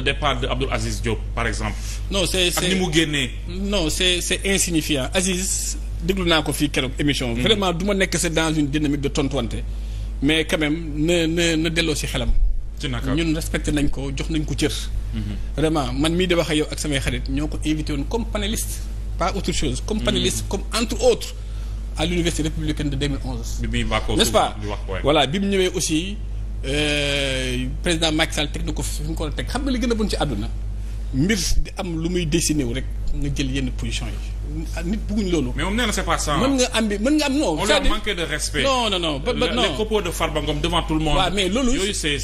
le de Abdoul Aziz Diop par exemple. non c'est c'est insignifiant Aziz déglu naa ko fii keroog émission. Mm-hmm. vraiment du ma nekk c'est dans une dynamique de tontuwante. mais quand même na na na delloo ci xelam. ñun respecté nañ ko jox nañ ko cër. Mm-hmm. vraiment man mii di wax ak yow ak samay xarit ñoo ko invité woon comme panéliste pas autre chose. comme panéliste mm-hmm. comme entre autres à l'université républicaine de 2011. bi nest pas voilà bi mu ñëwee aussi. Euh, président Macky Sall teg na ko fi mu ko teg xam nga li gën a bon ci àdduna mbir di am lu muy dessiné wu rek nga jël yenn position yi nit bëgguñ loolu. mais moom nee na nga am bi mën nga am non. on leur manque de respect. non non non ba ba non les propos de Farba loolu loolu c'est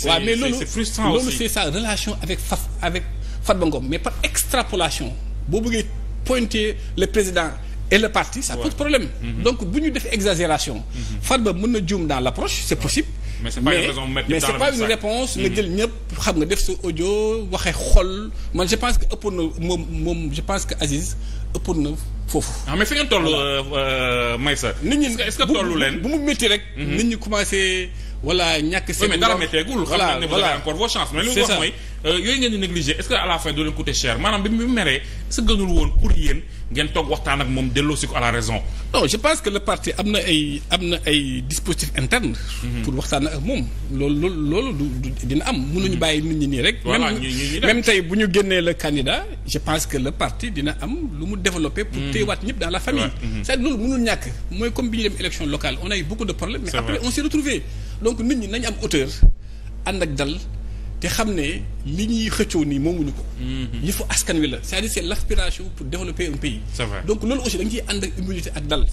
sa relation avec Faf avec Farba Ngom mais par extrapolation boo bëggee pointer le président. et le parti ça pose problème. Mm-hmm. donc bu ñu def exagération. Mm-hmm. Farba mën na juum dans l'approche c'est possible. mais c'est pas une raison mais c'est pas réponse nga mm-hmm. jël ñëpp xam nga def sa audio waxee xol man je pense que ëppoon na moom moom je pense que Aziz ëppoon na foofu. ah mais fi ngeen may euh, euh, Maysa. nit ñi est-ce que tollu leen bu mu métti rek. Mm-hmm. nit ñi commencé. wala ñàkk seen. mais dara métteegul. voilà voilà xam ne vous avez encore vos est euh, ce que à la fin doo leen coûter cher maanaam bi mu meree sa gënul woon pour yéen ngeen toog waxtaan ak moom delloo si ko à la raison. non je pense na ay am na ay dispositif interne. Mhm. pour waxtaan ak moom loolu loolu loolu dina am. mënuñu mhm. bàyyi nit ñi nii rek. voilà même tey bu ñu génnee le candidat je pense que le parti dina am lu mu développé. pour mhm. téyewaat ñëpp dans la famille. c'est-à-dire loolu mënul ñàkk mooy comme bi ñu dem élection locale on a eu de problèmes. mais après on s'est retrouvé donc nit ñi nañ am hauteur ànd ak dal te xam ne li ñuy xëccoo nii moomuñu ko. Mhm. yëfu askan wi la c'est-à-dire l'aspiration pour développer un pays. c'est vrai donc loolu aussi da nga ciy ànd ak immunité ak dal.